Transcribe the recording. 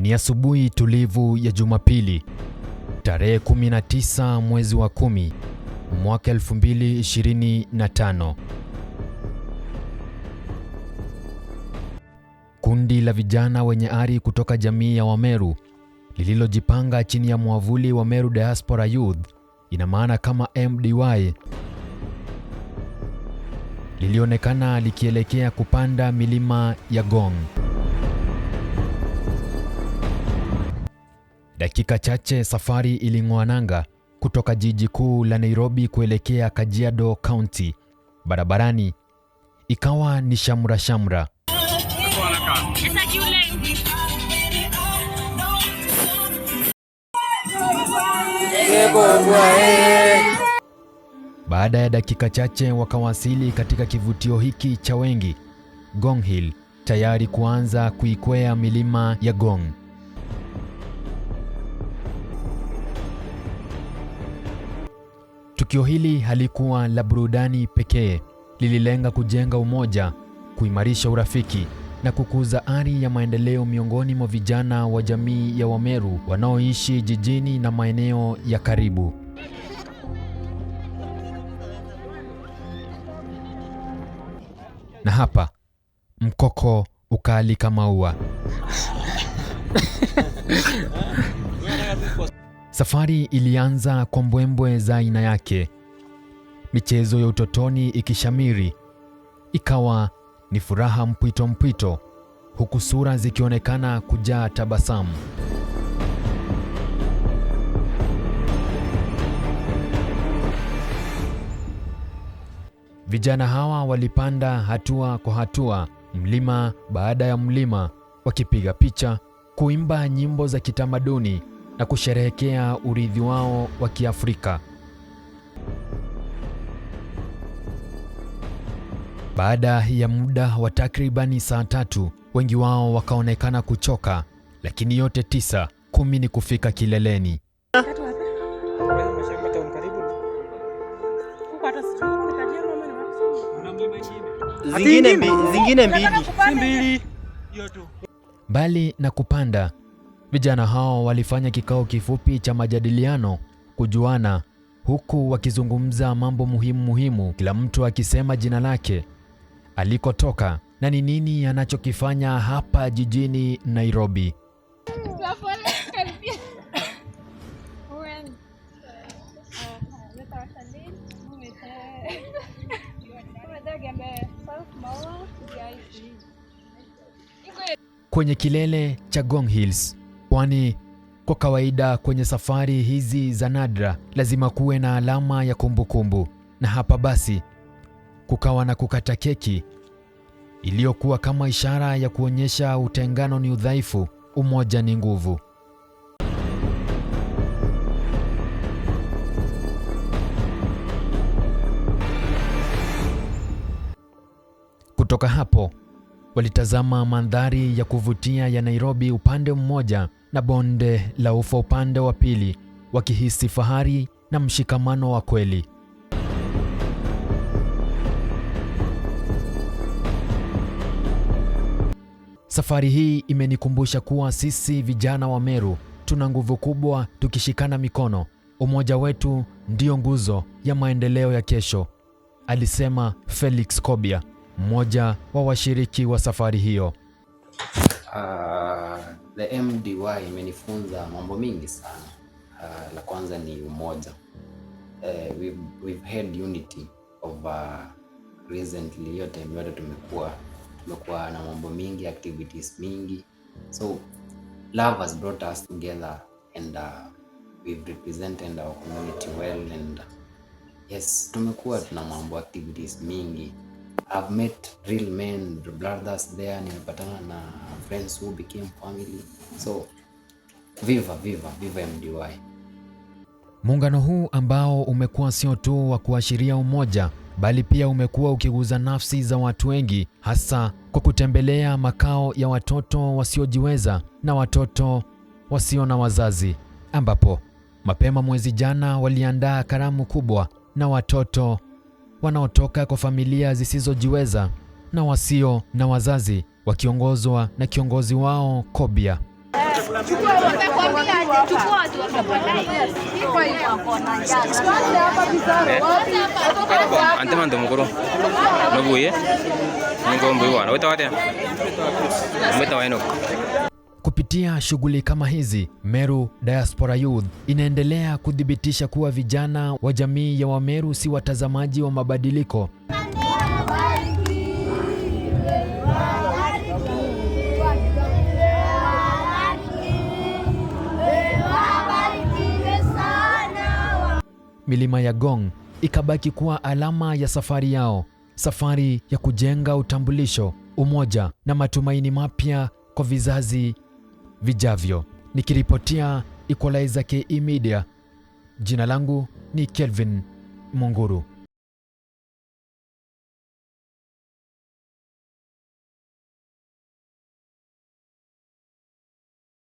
Ni asubuhi tulivu ya Jumapili tarehe 19 mwezi wa 10 mwaka 2025. Kundi la vijana wenye ari kutoka jamii ya Wameru lililojipanga chini ya mwavuli wa Meru Diaspora Youth, ina maana kama MDY, lilionekana likielekea kupanda milima ya Gong. Dakika chache safari iling'oa nanga kutoka jiji kuu la Nairobi kuelekea Kajiado County. Barabarani ikawa ni shamra shamra. Baada ya dakika chache wakawasili katika kivutio hiki cha wengi, Gong Hill, tayari kuanza kuikwea milima ya Gong. Tukio hili halikuwa la burudani pekee, lililenga kujenga umoja, kuimarisha urafiki na kukuza ari ya maendeleo miongoni mwa vijana wa jamii ya Wameru wanaoishi jijini na maeneo ya karibu. Na hapa mkoko ukaalika maua. Safari ilianza kwa mbwembwe za aina yake, michezo ya utotoni ikishamiri, ikawa ni furaha mpwito mpwito, huku sura zikionekana kujaa tabasamu. Vijana hawa walipanda hatua kwa hatua, mlima baada ya mlima, wakipiga picha, kuimba nyimbo za kitamaduni na kusherehekea urithi wao wa Kiafrika. Baada ya muda wa takribani saa tatu, wengi wao wakaonekana kuchoka, lakini yote tisa kumi ni kufika kileleni. Zingine mbili, zingine mbili. Mbali na kupanda Vijana hao walifanya kikao kifupi cha majadiliano kujuana, huku wakizungumza mambo muhimu muhimu, kila mtu akisema jina lake, alikotoka na ni nini anachokifanya hapa jijini Nairobi. Kwenye kilele cha Gong Hills kwani kwa kawaida kwenye safari hizi za nadra lazima kuwe na alama ya kumbukumbu kumbu. Na hapa basi kukawa na kukata keki iliyokuwa kama ishara ya kuonyesha utengano ni udhaifu, umoja ni nguvu. Kutoka hapo walitazama mandhari ya kuvutia ya Nairobi upande mmoja na bonde la ufa upande wa pili, wakihisi fahari na mshikamano wa kweli. Safari hii imenikumbusha kuwa sisi vijana wa Meru tuna nguvu kubwa tukishikana mikono. Umoja wetu ndiyo nguzo ya maendeleo ya kesho, alisema Felix Kobia, mmoja wa washiriki wa safari hiyo. Uh... The MDY imenifunza mambo mingi sana. Uh, la kwanza ni umoja. Uh, we've, we've had unity of uh, recently hiyo time yote tumekuwa tumekuwa na mambo mingi, activities mingi, so love has brought us together and uh, we've represented our community well and uh, yes, tumekuwa tuna mambo activities mingi I've met real men brothers there, nimepatana na friends who became family. So viva viva viva MDY. Muungano huu ambao umekuwa sio tu wa kuashiria umoja bali pia umekuwa ukiguza nafsi za watu wengi, hasa kwa kutembelea makao ya watoto wasiojiweza na watoto wasio na wazazi, ambapo mapema mwezi jana waliandaa karamu kubwa na watoto wanaotoka kwa familia zisizojiweza na wasio na wazazi wakiongozwa na kiongozi wao Kobia. Kupitia shughuli kama hizi, Meru Diaspora Youth inaendelea kuthibitisha kuwa vijana wa jamii ya Wameru si watazamaji wa mabadiliko Milima ya gong ikabaki kuwa alama ya safari yao, safari ya kujenga utambulisho, umoja na matumaini mapya kwa vizazi vijavyo. Nikiripotia Equalizer KE Media, jina langu ni Kelvin Munguru.